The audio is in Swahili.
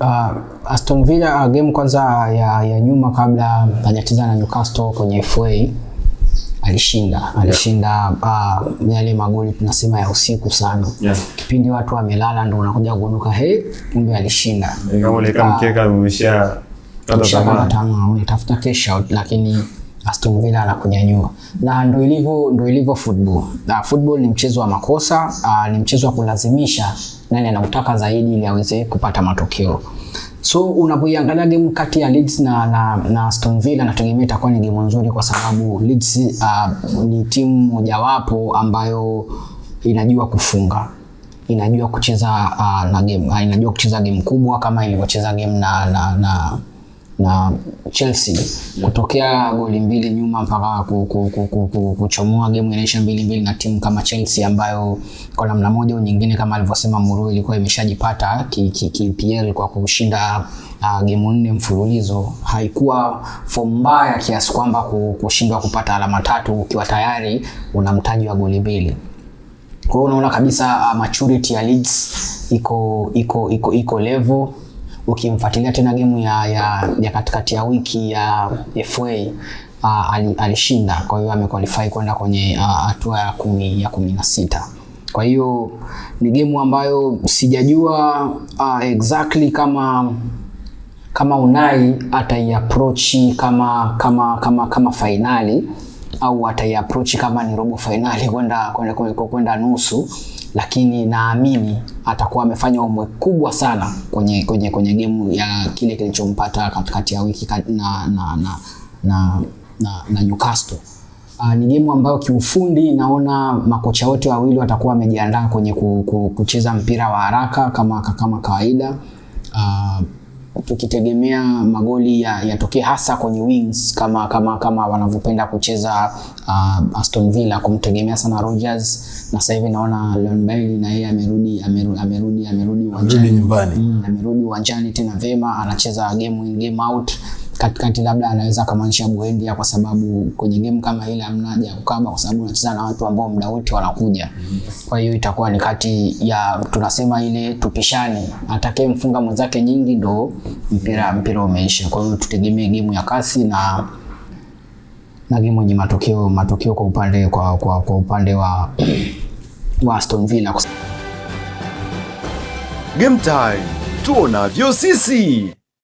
uh, Aston Villa uh, game kwanza ah, ya, ya nyuma kabla hajacheza na Newcastle kwenye FA alishinda alishinda uh, yale magoli tunasema ya usiku sana yeah. Kipindi watu wamelala ndo unakuja kugunduka he, kumbe alishinda, kama ile mkeka umeshia kata tamaa, unatafuta cash out lakini Aston Villa la kunyanyua na ndo ilivyo ndo ilivyo football. Na football ni mchezo wa makosa, uh, ni mchezo wa kulazimisha nani anautaka zaidi ili aweze kupata matokeo. So unapoiangalia game kati ya Leeds na na, na Aston Villa nategemea itakuwa ni game nzuri kwa sababu Leeds uh, ni timu mojawapo ambayo inajua kufunga inajua kucheza uh, na game uh, inajua kucheza game kubwa kama ilivyocheza game na, na, na na Chelsea kutokea goli mbili nyuma mpaka kuchomoa game inaisha mbili mbili na timu kama Chelsea ambayo kwa namna moja au nyingine kama alivyosema Muru ilikuwa imeshajipata KPL kwa kushinda uh, game nne mfululizo. Haikuwa fomu mbaya kiasi kwamba kushindwa kupata alama tatu ukiwa tayari una mtaji wa goli mbili. Kwa hiyo unaona kabisa uh, maturity ya Leeds iko iko iko iko level ukimfuatilia tena gemu ya, ya, ya katikati ya wiki ya FA uh, ah, alishinda ali, kwa hiyo amequalify kwenda kwenye ah, hatua uh, ya kumi ya kumi na sita. Kwa hiyo ni gemu ambayo sijajua uh, exactly kama kama Unai ataiapproach kama, kama, kama, kama fainali au wataiapproach kama ni robo fainali kwenda kwenda nusu, lakini naamini atakuwa amefanya umwe kubwa sana kwenye, kwenye, kwenye gemu ya kile kilichompata katikati ya wiki na, na, na, na, na, na Newcastle. Uh, ni gemu ambayo kiufundi naona makocha wote wawili watakuwa wamejiandaa kwenye ku, ku, kucheza mpira wa haraka kama, kama kawaida uh, tukitegemea magoli yatokee ya hasa kwenye wings kama, kama, kama wanavyopenda kucheza uh, Aston Villa kumtegemea sana Rogers, na sasa hivi naona Leon Bailey na yeye amerudi amerudi amerudi amerudi uwanjani mm, amerudi uwanjani tena vema, anacheza game in game out katikati labda anaweza akamaanisha Buendia kwa sababu kwenye game kama ile hamna haja ya kukaba kwa sababu unacheza na watu ambao muda wote wanakuja. Kwa hiyo itakuwa ni kati ya tunasema ile tupishane atakaye mfunga mwenzake nyingi ndo mpira mpira umeisha. Kwa hiyo tutegemee game ya kasi na na game yenye matokeo matokeo kwa upande kwa, kwa, kwa upande wa wa Aston Villa. Game time tuonavyo sisi.